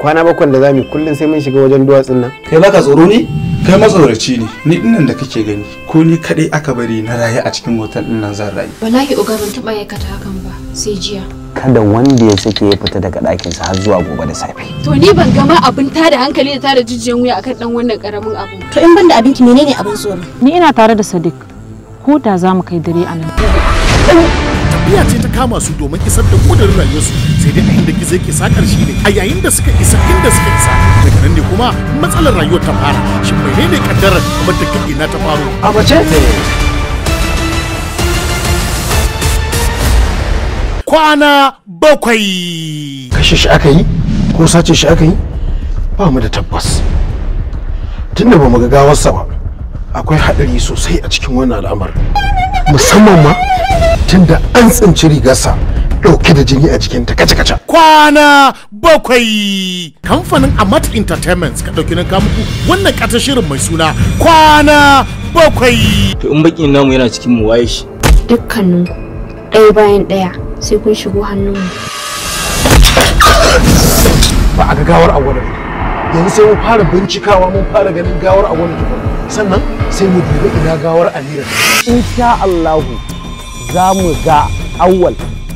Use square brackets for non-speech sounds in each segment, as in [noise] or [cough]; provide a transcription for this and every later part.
kwana bakwai da zamu kullum sai mun shiga wajen duwatsun nan kai baka tsoro ne kai matsoraci ne ni dinnan da kake gani ko ni kadai aka bari na rayu a cikin hotel din nan zan rayu wallahi uga ban taba aikata hakan ba sai jiya kada wanda ya sake ya fita daga ɗakinsa sa har zuwa gobe da safe to ni ban gama abin ta-da-hankali da hankali da ta da jijiyan wuya akan dan wannan karamin abu to in banda abinki menene abin tsoro ni ina tare da Sadiq ko da za kai dare a nan tafiya ce ta kama su domin isar da kudurin rayuwarsu sai dai a inda gizo ke sa ƙarshe ne a yayin da suka isa inda suka isa daga nan ne kuma matsalar rayuwar ta fara shin ne kaddarar kamar da kaɗi na ta faru a mace kwana bakwai kashe shi aka yi ko sace shi aka yi ba mu da tabbas tunda ba mu ga gawarsa ba akwai haɗari sosai a cikin wannan al'amarin musamman ma tunda an tsinci rigarsa dauke da jini a jikinta kaca kaca kwana bakwai kamfanin amat entertainment ka dauki nan muku wannan kata shirin mai suna kwana bakwai to in bakin namu yana cikin mu waye shi dukkanin ɗaya bayan ɗaya sai kun shigo hannun mu ba a ga gawar yanzu sai mu fara bincikawa mun fara ganin gawar awalin sannan sai mu dubi ina gawar amira insha Allahu za mu ga awwal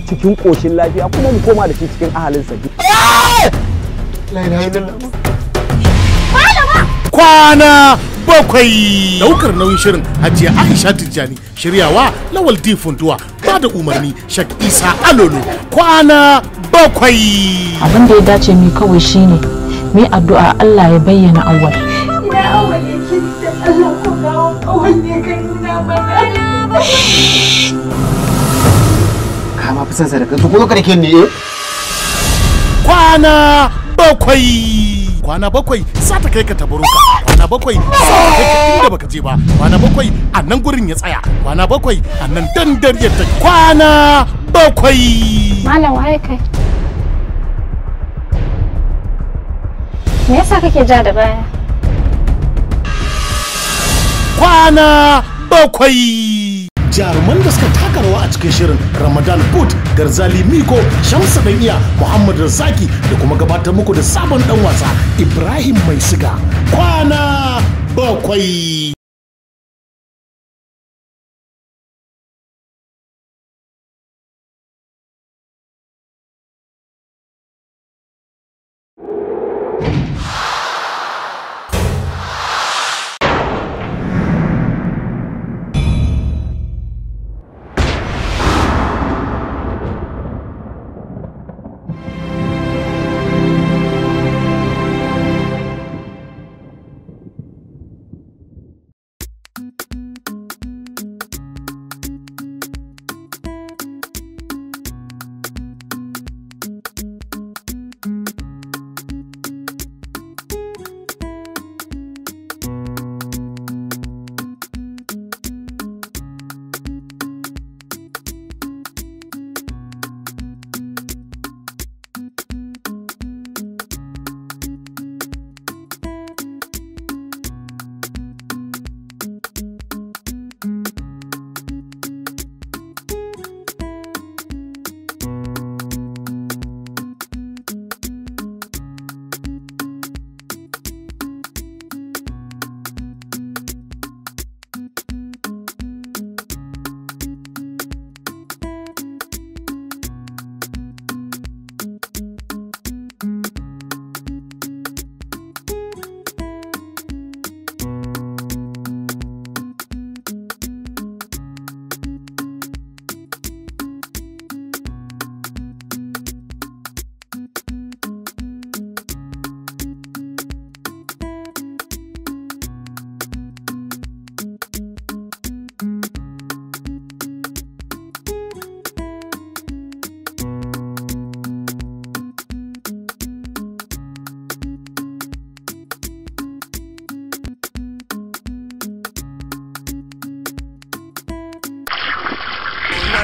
cikin koshin lafiya kuma mu koma da shi cikin sa Kwana bakwai! Daukar nauyin shirin Hajiya Aisha Tijjani shiryawa Lawal D. Funtuwa ba da umarni Shak Isa Alolo kwana bakwai! Abin da ya dace mai kawai shine mai addu'a Allah ya bayyana awal. Ina ka fi son sadaka to kuma karke ne eh? kwana bakwai kwana bakwai sa ta kai ka tabaruka kwana bakwai sa ta kai ka inda baka je ba kwana bakwai a nan gurin ya tsaya kwana bakwai a nan dandar ya ta kwana bakwai malam waye kai me yasa kake ja da baya kwana bakwai jaruman da suka taka rawa a cikin shirin ramadan boot garzali miko shamsu dan iya muhammad razaki da kuma gabatar muku da sabon dan wasa ibrahim mai siga kwana bakwai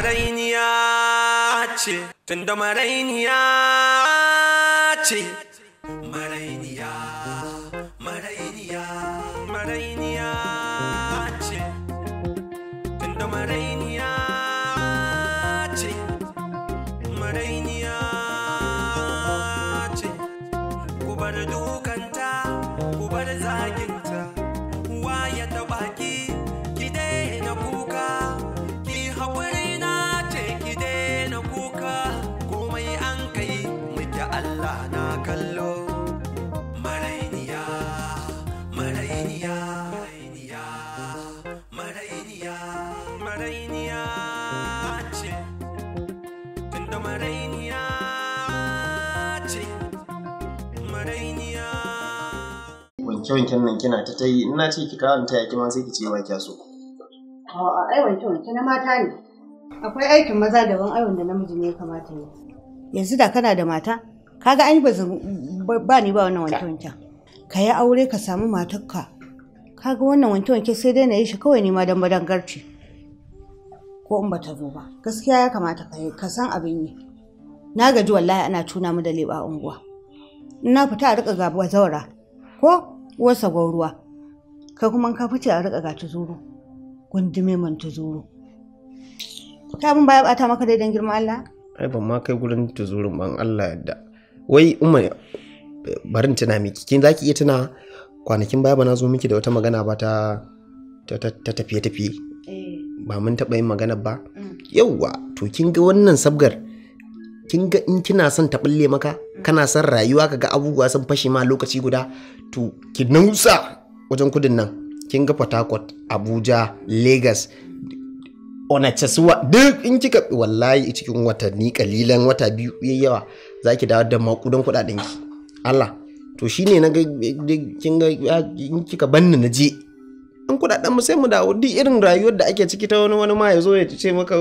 marainiya ce tunda marainiya ce kyawun wanken nan kina ta tayi ina ce ki kawo ta yaki ma sai ki ce ba kya so. A ai kyawun wanke na mata ne. Akwai aikin maza daban aiwon da namiji ne kamata ne. Yanzu da kana da mata kaga an ba ba ni ba wannan wanke wanke. Ka yi aure ka samu matarka. Kaga wannan wanke-wanke sai dai na yi shi kawai ne ma dan garci. Ko in ba ta zo ba. Gaskiya ya kamata ka san abin yi. Na gaji wallahi ana tuna mu da leɓa unguwa. ina fita a riƙa gaba zaura. ko wasa gwauruwa kai kuma ka fice a riƙa gaci zuru gundume man zuru ta abin baya bata maka daidan girman Allah ai ban ma kai gurin tuzurin ban Allah yadda wai umma barin tana miki kin zaki iya tana kwanakin baya ba na zo miki da wata magana ba ta ta tafiye tafiye eh. ba mun taɓa yin magana ba mm. yauwa to kin ga wannan sabgar kin ga in kina son ta bulle maka kana son rayuwa kaga abubuwa sun fashe ma lokaci guda to ki nausa wajen kudin nan kin ga Port Harcourt Abuja Lagos onacasuwa duk in kika wallahi cikin watanni kalilan wata biyu yayi yawa zaki dawo da makudan kudaden ki Allah to shine na ga kin ga in kika banni na je kudaden mu sai mu dawo duk irin rayuwar da ake ciki ta wani wani ma ya zo ya ce maka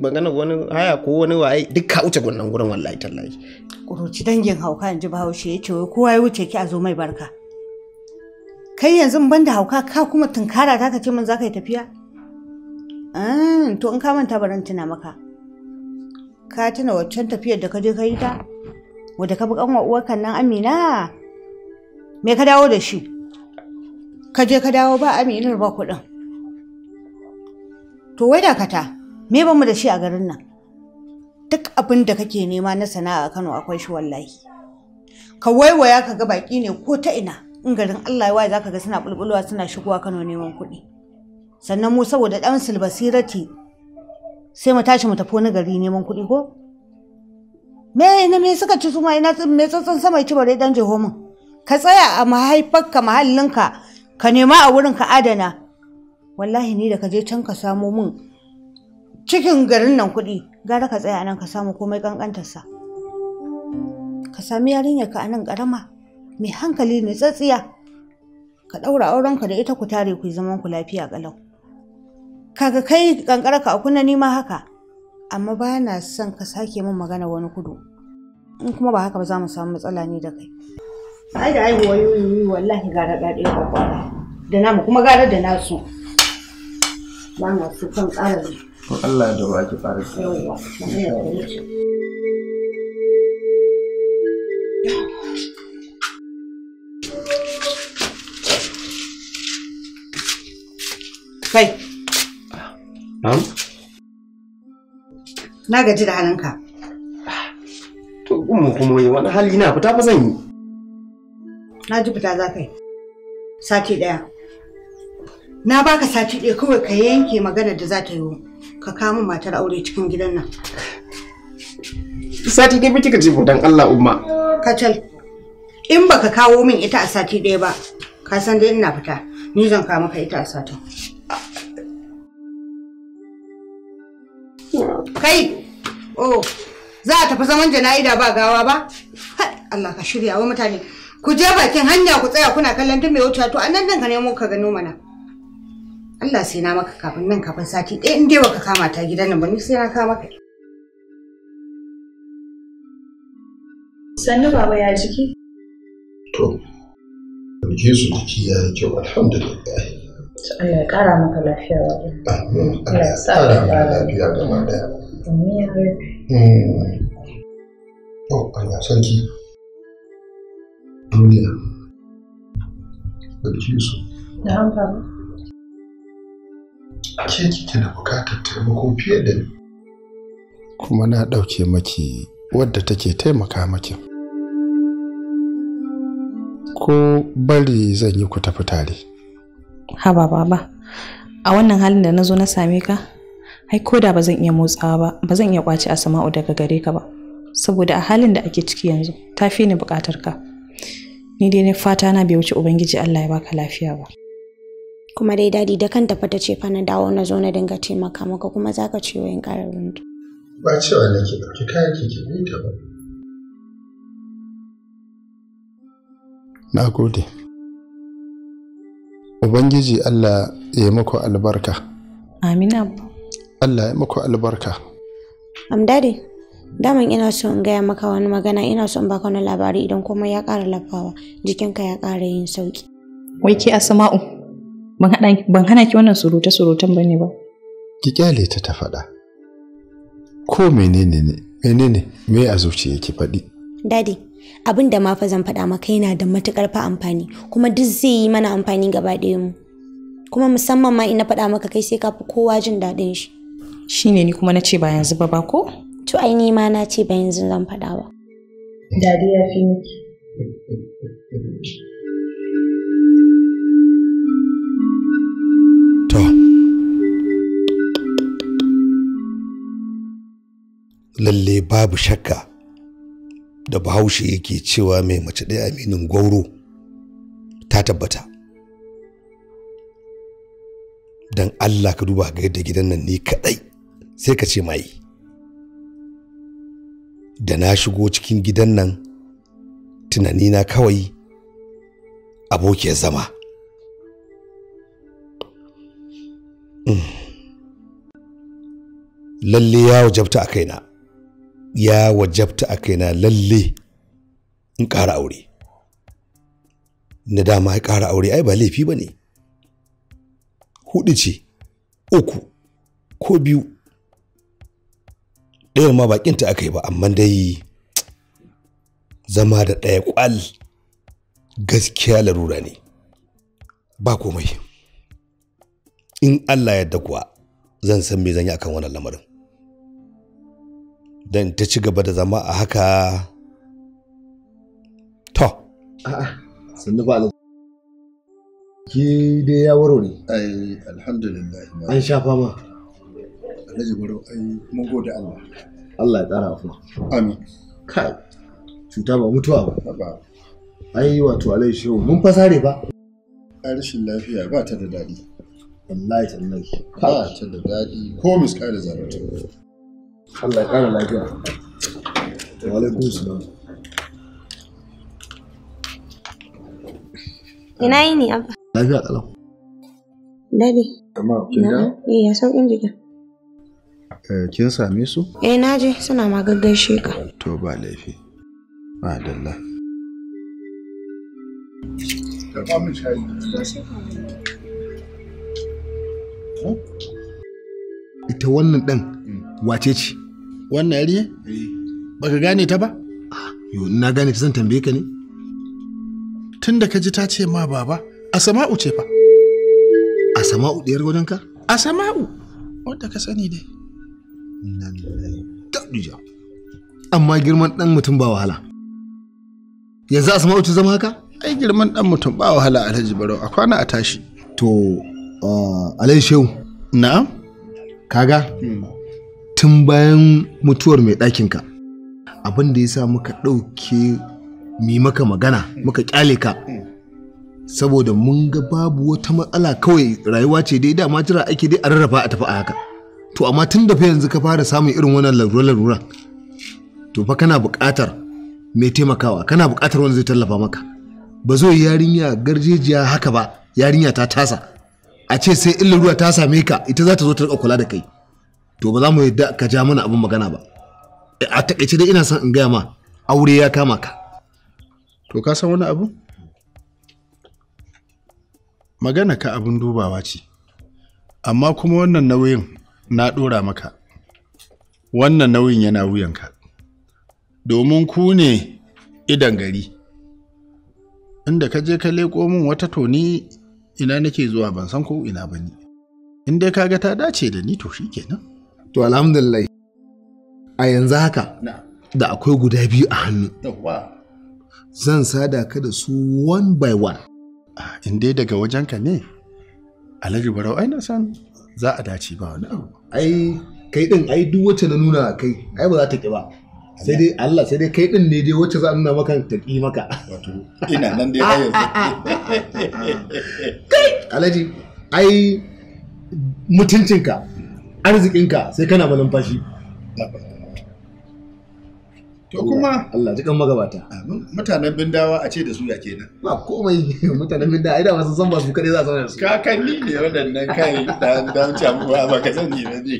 magana wani haya ko wani waye duk ka wuce gwannan gurin wallahi tallahi kuruci dangin hauka in ji bahaushe ya ce kowa ya wuce ki a zo mai barka kai yanzu ban da hauka ka kuma tunkara ta ka ce min za ka yi tafiya ah, to in ka manta baran tuna maka ka tuna waccan tafiyar da ka je ka yi ta wadda ka bi kanwa uwarka nan amina me ka dawo da shi ka je ka dawo ba aminar ba kuɗin to wai dakata me ba mu da shi a garin nan duk abin da kake nema na sana'a kano akwai shi wallahi ka waiwaya ka ga baki ne ko ta ina in garin allah ya za ka ga suna bulbulwa suna shigowa kano neman kuɗi sannan mu saboda ɗan silbasirati sai mu tashi mu tafi wani gari neman kuɗi ko me ina me suka ci su ma ina me tsantsan sama ci bare dan jehomin ka tsaya a mahaifarka mahallinka ka nema a wurin ka adana wallahi ni da ka je can ka samo min cikin garin nan kuɗi gara ka tsaya nan ka samu komai kankantarsa ka sami yarinyar ka anan karama mai hankali ne tsatsiya ka ɗaura auren ka da ita ku tare ku zaman ku lafiya kalau kaga kai ƙanƙarar ka a kunna nima haka amma ba na son ka sake min magana wani kudu in kuma ba haka ba za mu samu matsala ne da kai ai da aihuwa yoyoyi wallahi gara ɗaɗe kwakwara da namu kuma gara da nasu ba na su kan ƙara ne to Allah da ba ki ƙara su yawa kai na gaji da halinka to kuma kuma wani hali na fita fa zan yi na ji fita za yi. sati ɗaya na baka sati ɗaya kawai ka yanke magana da za ta yi ka kama matar aure cikin gidan nan sati ɗaya ba kika ce don Allah umma kacal in baka kawo min ita a sati ɗaya ba ka san dai ina fita ni zan kawo maka ita a satin kai oh za a tafi zaman jana'ida ba gawa ba Allah ka shirya wa mutane ku je bakin hanya ku tsaya kuna kallon duk mai wucewa to a nan ka nemo ka gano mana Allah sai na maka kafin nan kafin sati ɗaya in dai baka kama ta gidan nan ba ni sai na kama maka sannu baba ya jiki to dauke su jiki ya yi kyau alhamdulillah Allah ya ƙara maka lafiya ba. Amin. Allah ya sa ka lafiya gaba daya. Amin ya rabe. Hmm. Oh, Allah sarki. ke kike da bukatar taimako fiye da ni kuma na ɗauke maki wadda take taimaka maki ko bari zan yi ku tafi tare haba baba a wannan halin da na zo na same ka ai ko da ba zan iya motsawa ba ba zan iya kwace sama'u daga gare ka ba saboda a halin da ake ciki yanzu ta fi ni bukatar ka ni dai ne fata na bai wuce ubangiji Allah ya baka lafiya ba kuma dai dadi da kanta fata ce fa na dawo na zo na dinga taimaka maka kuma zaka ce wayin ƙarar rundu ba cewa nake ki kai ki ki ta ba na gode ubangiji Allah ya yi muku albarka amin Allah ya yi muku albarka am dadi daman ina so in gaya maka wani magana ina so in baka wani labari idan kuma ya ƙara lafawa jikinka ya ƙara yin sauki wai ke asama'u? ban hana ki wannan surutan surutan bane ba ki kyale ta ta faɗa ko menene ne menene me a zuciya ki faɗi dadi abin da ma fa zan faɗa maka yana da matukar fa amfani kuma duk zai yi mana amfani gaba ɗaya mu kuma musamman ma ina faɗa maka kai sai ka fi kowa jin daɗin shi shine ni kuma na ce ba yanzu ba ba ko To ai ni ma na ce ba yanzu zan faɗa ba. Dariya fi miki. To. Lalle babu shakka da bahaushe yake cewa mai mace ɗaya aminin gwauro ta tabbata. Don Allah ka duba ga yadda gidan nan ni kaɗai sai ka ce mai. da na shigo cikin gidan nan tunani na kawai abokiyar zama mm. lalle ya wajabta a kaina ya wajabta a kaina lalle in ƙara aure na dama ya ƙara aure ai ba laifi ba ne hudu ce uku ko biyu ɗayar ma bakin ta aka yi ba amma dai zama da ɗaya kwal gaskiya larura ne ba komai in Allah ya kuwa zan san me zan yi akan wannan lamarin dan ta ci gaba da zama a haka to sannu ba ki dai ya waro ne. ai alhamdulillah an sha fama alhaji baro ai mun gode Allah Allah ya ƙara afuwa amin kai cuta ba mutuwa ba ai wato alai shehu mun fasare ba a rashin lafiya ba ta da daɗi wallahi tallahi ba ta da daɗi ko miska da zarata Allah ya ƙara lafiya wa alaikum salam ina ne abba lafiya kalau dade amma kin ga eh ya sauƙin jikin Eh, kin same su? Eh na je suna ma gaggaishe ka. To ba laifi. Ba dalla. Ita wannan ɗan hmm. wace ce? Wannan yari? Eh. Ba ka gane ta ba? Ah. Yo, na gane ta zan tambaye ka ne? Tun da ka ji ta ce ma baba, a sama'u ce fa. a Asama'u ɗiyar wajenka? sama'u wadda ka sani dai. amma girman dan mutum ba wahala yanzu asma wuce zama haka ai girman dan mutum ba wahala alhaji barau a kwana a tashi to uh, alhaji shehu na'am kaga hmm. tun bayan mutuwar mai ɗakinka abin da ya sa muka ɗauke mi maka magana hmm. muka kyale ka hmm. saboda mun ga babu wata matsala kawai rayuwa ce dai dama jira ake dai a rarraba a tafi a haka to amma tun da fa yanzu ka fara samun irin wannan larura-larura to fa kana buƙatar mai taimakawa kana buƙatar wanda zai tallafa maka ba zo yarinya garjejiya haka ba yarinya ta tasa a ce sai in larura ta same ka ita za ta zo ta riƙa kula da kai to ba za mu yadda ka ja mana abin magana ba a taƙaice dai ina son in gaya ma aure ya kama ka to ka san wani abu magana ka abin dubawa ce amma kuma wannan nauyin na ɗora maka wannan nauyin yana wuyanka domin ku ne idan gari inda ka je ka leƙo min wata toni ina nake zuwa ban san ko ina ba ni in dai ga ta dace da ni to shi kenan to alhamdulillah a yanzu haka da akwai guda biyu a hannu zan sada ka da su one by one ah, Inde daga wajenka ne alhaji barau ai na san za a dace ba wani abu ai kai din ai duk wacce na nuna kai ai ba za ta ki ba sai dai Allah sai dai kai din ne dai wacce za a nuna maka ta ki maka wato ina nan dai har yanzu kai alaji ai mutuncinka arzikinka sai kana malumfashi To kuma Allah dukan magabata. Mutanen bindawa a ce da su ya kenan. Ba komai [laughs] mutanen bindawa ai da wasu san ba su kare za su sanar su. Kakanni ne waɗannan kai dan dan camuwa ba ka sani ba ne.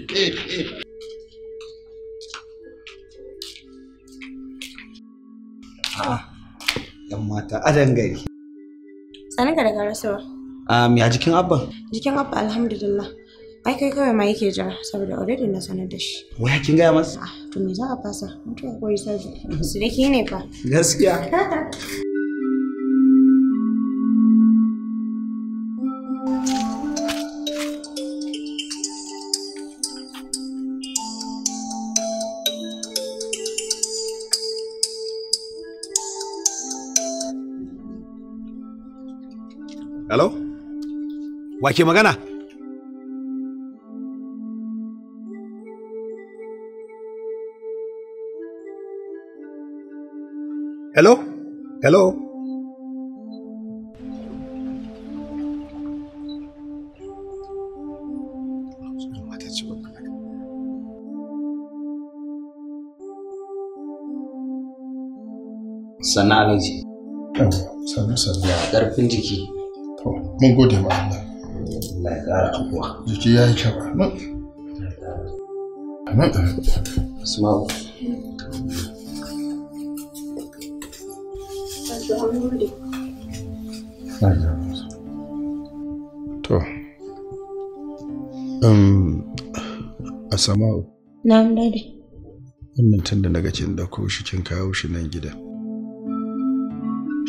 A'a. Ah, yan mata adan gari. Sanin ka daga rasuwa. Um, a jikin abban? Jikin abba alhamdulillah. ai kai kawai ma yake ja saboda already na sanar da shi waya kin gaya masa ah, to me za a fasa ya koyi sabi su da ki ne fa gaskiya Hello? Wa ke magana? Hello? Hello? sannan sannan sannan jiki to mun gode ma Allah Allah ya jiki ya yi kyau To. Um, a sama'u. Na'am dadi. Wannan tun da na ga kin dauko shi kin kawo shi nan gida.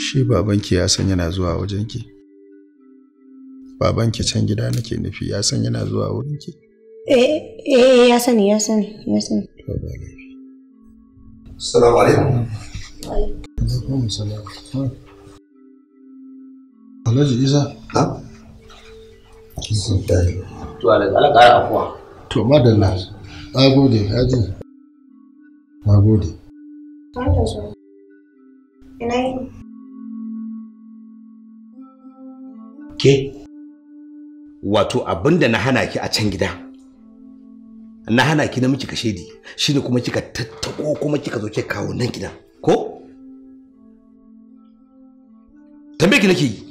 Shi babanki ya san yana zuwa wajenki. Babanki can gida nake nufi ya san yana zuwa wurinki. Eh, eh ya sani ya sani ya sani. To ba laifi. Assalamu alaikum. Wa alaikum assalam. Alhaji Isa? Ha? Kisan dai. To Allah Allah ƙara afuwa. To madalla. Na gode, Haji. Na gode. Ina yi. Ke? Wato abinda na hana ki a can gida. Na hana ki na ka kashedi shine kuma kika tattabo kuma kika zo kika kawo nan gida Ko? Tambaye ki nake yi.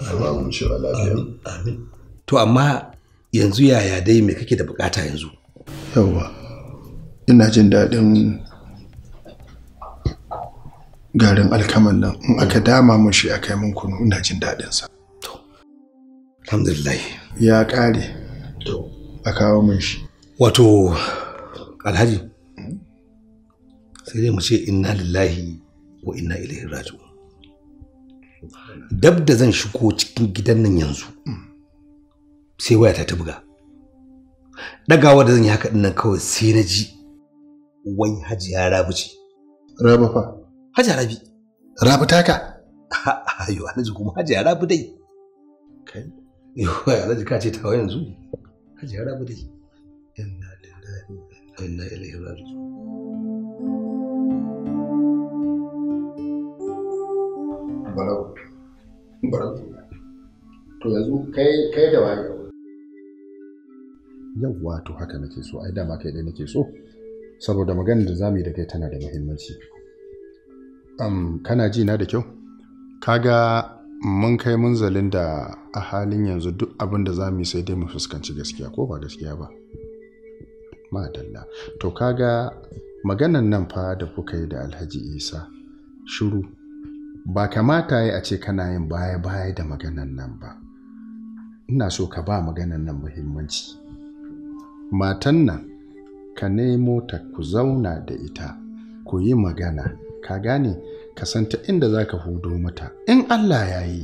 a mu lafiya amin to amma yanzu yaya dai me kake da bukata yanzu yawwa ina jin daɗin garin alkaman nan in aka dama mun shi aka yi mun kunu ina jin daɗin sa to alhamdulillah ya ƙare to a kawo mun shi wato alhaji hmm? sai dai mu ce inna lillahi wa inna ilaihi raji'un dab da zan shigo cikin gidan nan yanzu sai waya ta buga dagawa da zan yi haka dinnan kawai sai na ji wai hajiya rabu ce rabu fa hajiya rabi rabu taka ayo ji kuma hajiya rabu dai kai yo laji ka ce ta yanzu hajiya rabu dai inna lillahi wa inna ilaihi raji'un barau to yanzu kai da waye haka nake so ai dama kai dai nake so saboda maganar da zamu yi da kai tana da muhimmanci um, kana ji na da kyau kaga mun kai munzalin da a halin yanzu duk abin da zamu yi sai dai mu fuskanci gaskiya ko ba gaskiya ba madalla to kaga maganan nan fa da kuka yi da alhaji isa shiru ba kamata yi a ce kana yin baya-baya da maganan nan ba ina so ka ba maganan nan muhimmanci matan nan ka nemo ta ku zauna da ita ku yi magana ka gane ka ta inda za ka hudo mata in allah ya yi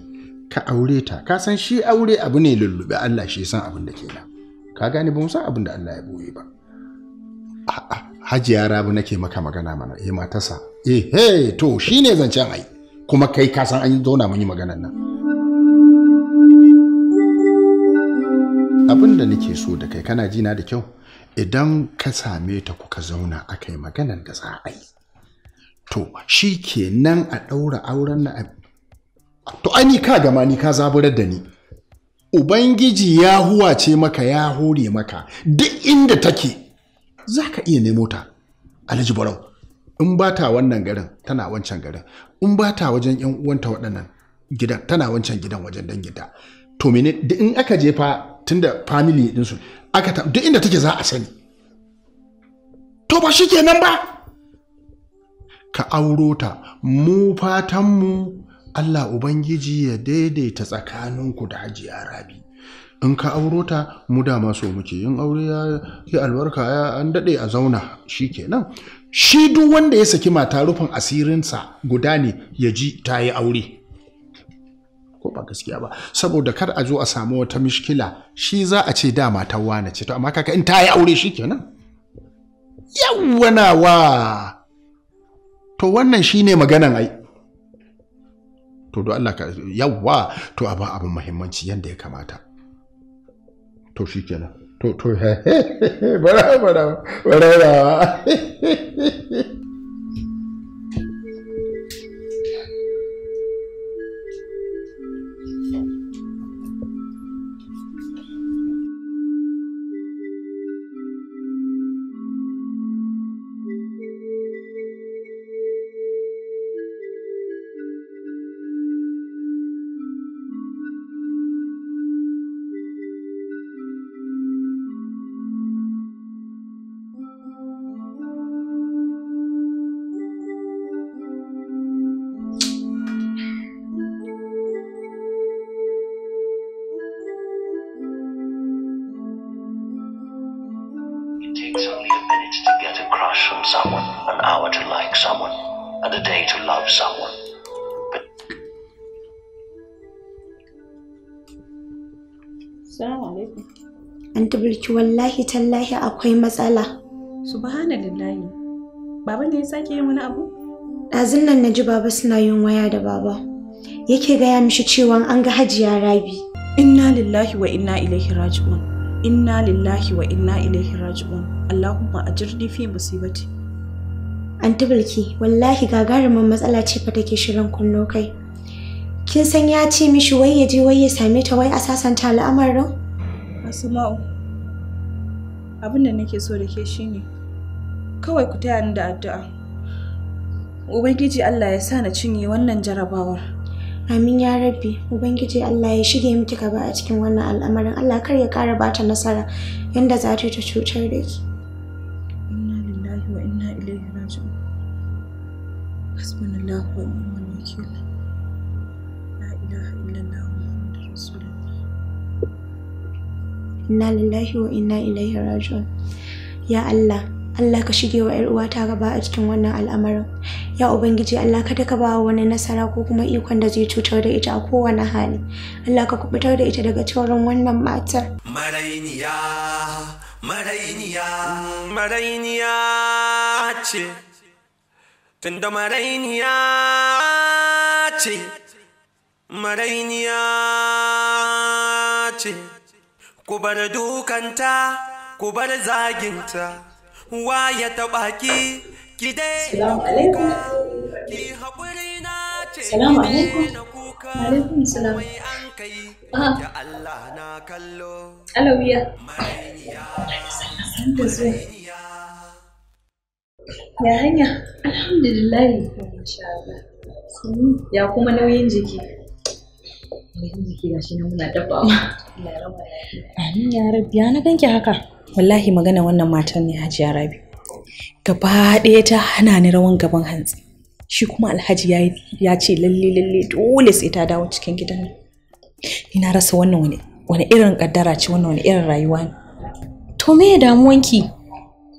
ka aure ta ka san shi aure abu ne lullube allah shi san abin da ke nan ka gane ba mu san abin da allah ya boye ba hajiya rabu nake maka magana mana eh matasa eh he to shine zancen ai kuma kai ka san an yi zauna mun yi maganar nan abin da nake so da kai kana jina da kyau idan ka same ta kuka zauna aka yi maganar da za a yi to shi ke nan a ɗaura auren na to ani ka gama ni ka zaburar da ni ubangiji ya huwace maka ya hore maka duk inda take za ka iya nemo ta alhaji barau in ba ta wannan garin tana wancan garin in ba ta wajen yan uwanta waɗannan gidan tana wancan gidan wajen danginta to mene in aka je fa tunda family din su aka ta duk inda take za a sani to ba shikenan ba ka auro ta mu fatan mu Allah ubangiji ya daidaita tsakaninku da Hajiya Rabi in ka auro ta mu da maso muke in aure ya yi albarka ya an daɗe a zauna shi shikenan shi duk wanda ya saki mata rufin asirinsa guda ne ya ji ta yi aure ko ba gaskiya ba saboda kar a zo a samu wata mishkila shi za a ce da ta wane ce to amma kaka in ta yi aure shi kenan yawwanawa to wannan shi ne maganan ai to do Allah ka yawwa to abin abin muhimmanci yanda ya kamata to shi kenan to to bara bara bara ki wallahi tallahi akwai matsala. Subhanallah. Baba ne ya sake yin wani abu? Ɗazun nan na ji baba suna yin waya da baba. Yake gaya mishi cewa an ga hajiya rabi. Inna lillahi wa inna ilaihi raji'un. Inna lillahi wa inna ilaihi raji'un. Allahumma ajirni fi musibati. Anti Bilki, wallahi gagarumin matsala ce fa take shirin kunno kai. Kin san ya ce mishi wai ya je wai ya same ta wai a sasanta al'amarin? Asma'u, abin da nake so da ke shine kawai ku taya ni da addu'a ubangiji allah ya sa na cinye wannan jarabawar amin ya rabbi ubangiji allah ya shige miki gaba a cikin wannan al'amarin allah kar ya kara bata nasara yanda za ta cutar da ki inna lillahi wa inna ilaihi raji'un ya Allah Allah ka shige wa ‘yar uwata gaba a cikin wannan al'amarin. Ya Ubangiji Allah ka ka ba wani nasara ko kuma ikon da zai cutar da ita a kowane hali. Allah ka kubutar da ita daga taurin wannan matar. Marainiya, marainiya, marainiya ce, tunda marainiya ce, marainiya ce. ku bar dukanta ku bar zaginta waya ta baki ki ki dai ki haƙuri na ce ki dai ah. na kuka wai an ya hanya alhamdulillah ya kuma nauyin jiki Amin ya rabi, ya na ganki haka. Wallahi magana wannan matan ne Hajiya Rabi. Gaba ɗaya ta hana ni rawan gaban hantsi. Shi kuma Alhaji ya ce lalle lalle dole sai ta dawo cikin gidan nan. Ni na rasa wannan wani wani irin kaddara ce wannan wani irin rayuwa ne. To me ya damuwanki?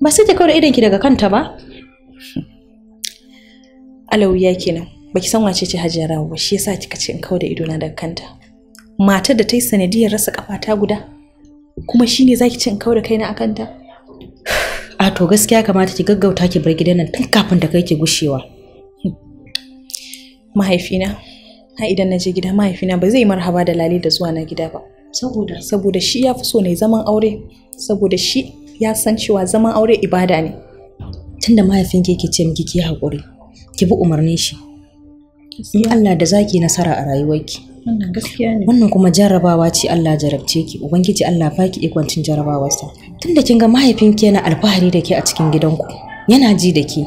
Ba sai ta kawar idanki daga kanta ba? Alawiya kenan. baki san wace ce Hajiya rawa ba shi yasa kika ce in kawo da idona daga kanta matar da ta yi sanadiyar rasa kafata guda kuma ne zaki ce in kawo da kaina a kanta. [sighs] a to gaskiya kamata ki gaggauta ki bar gidan nan tun kafin da kai ki gushewa hmm. mahaifina ha idan na je gida mahaifina ba zai marhaba da lali da zuwa na gida ba saboda saboda shi ya fi so ne zaman aure saboda shi ya san cewa zaman aure ibada ne tunda mahaifin ke ce miki ki haƙuri ki bi umarnin shi Yi Allah da zaki nasara a rayuwarki wannan gaskiya ne wannan kuma jarrabawa ce Allah jarabce ki ubangiji Allah baki ikwancin jarrabawarsa tunda kin ga mahaifinki yana alfahari da ke a cikin gidanku yana ji da ke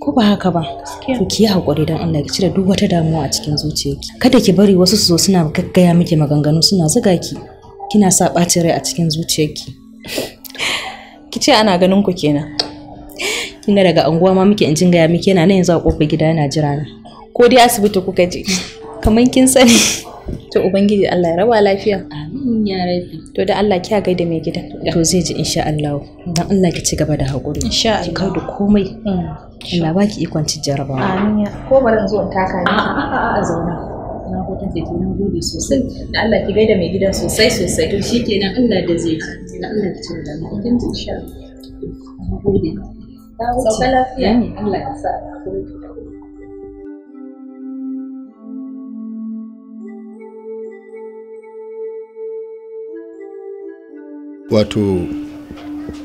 ko ba haka ba to ki yi hakuri dan Allah ki cire duk wata damuwa a cikin zuciyarki kada ki bari wasu su zo suna gaggaya miki maganganu suna zuga ki kina sa ɓacin rai a cikin zuciyarki ki ce ana ganin ku kenan Kina daga anguwa ma muke in jin gaya miki yana nan yanzu a kofar gida yana jira na ko dai asibiti kuka je kamar kin sani to ubangiji Allah ya raba lafiya amin ya rabi to da Allah kiya gaida mai gida to zai ji insha Allah dan Allah ki ci gaba da hakuri insha Allah kada komai mm. Allah ba ki ikon ci jarabawa amin ya ko bari zo taka ni a a a zauna na gode da na gode sosai da Allah ki gaida mai gida sosai sosai to shikenan Allah da zai ji da Allah ki ci da hakuri insha Allah na gode ta wuce lafiya Allah ya sa wato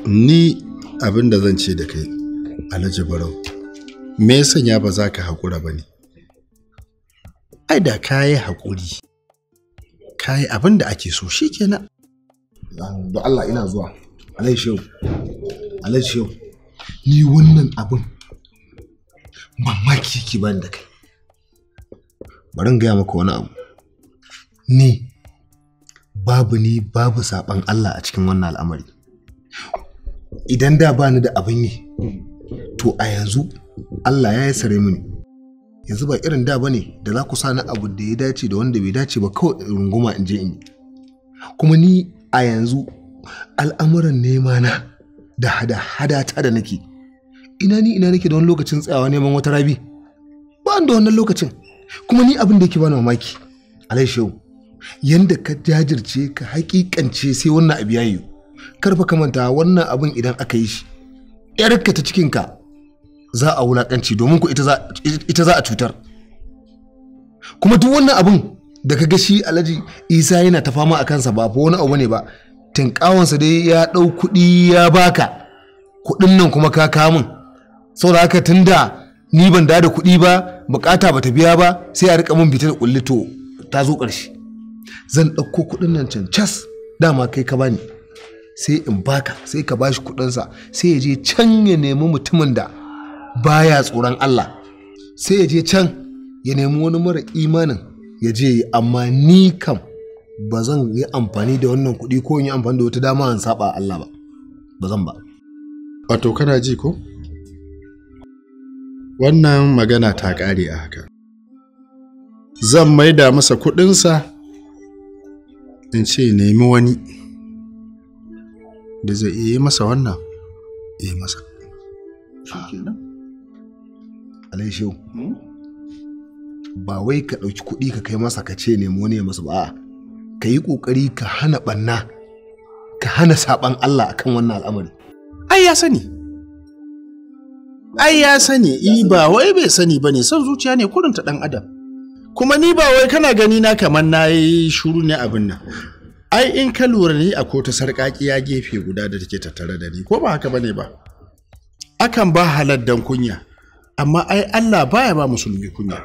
ni abin da zan ce da kai alhaji barau me ya sanya ba za ka haƙura ba ne ai da ka yi haƙuri ka yi abin da ake so shi na. da Allah ina zuwa alhaji shehu alhaji shehu ni wannan abin mamaki yake bani da kai bari in gaya maka wani abu ni babu ni babu saban Allah a cikin wannan al'amari idan da bani da abin yi to a yanzu Allah ya sare mini yanzu ba irin da bane da za ku sani abu da ya dace da wanda bai dace ba kawai runguma in je in kuma ni a yanzu al'amuran nema na da hada hada ta da nake ina ni ina nake da wani lokacin tsayawa neman wata rabi ba da wannan lokacin kuma ni abin da yake bani mamaki alai shehu yanda ka jajirce ka hakikance sai wannan abu ya Kar karfa ka manta wannan abin idan aka yi shi yarka ta cikinka za a wulakanci domin ku ita za a cutar kuma duk wannan abin da ka ga shi alhaji isa yana ta fama a kansa ba wani abu ne ba tinkawansa dai ya ɗau kuɗi ya baka kuɗin nan kuma ka kamun saboda haka tun da ni ban da kuɗi ba bukata ba ta biya ba sai a rika mun bita da kulli to ta zo ƙarshe zan ɗauko kuɗin nan cas dama kai ka bani sai in baka sai ka bashi kuɗinsa sai ya je can ya nemi mutumin da baya tsoron Allah sai ya je can ya nemi wani mara imanin ya je yi amma ni kam ba zan yi amfani da wannan kuɗi ko in yi amfani da wata dama in saba Allah ba ba zan ba wato kana ji ko wannan magana ta ƙare a haka zan maida masa kuɗinsa in ce nemi wani da zai iya masa wannan iya masa alaishiyu hmm? ba wai ka ɗauki kuɗi ka kai masa ka ce nemi wani ya masa ba ka yi ƙoƙari ka hana ɓanna ka hana saɓan Allah akan wannan al'amari ai ya sani ai ya sani i ba wai bai sani ba ne son zuciya ne kurinta ɗan adam kuma ni ba wai kana gani na kamar na yi shuru ne abin nan ai in ka lura ni a kota sarƙaƙiya gefe guda da take tattare da ni ko ba haka bane ba akan ba halar dan kunya amma ai Allah baya ba musulmi kunya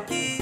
aqui.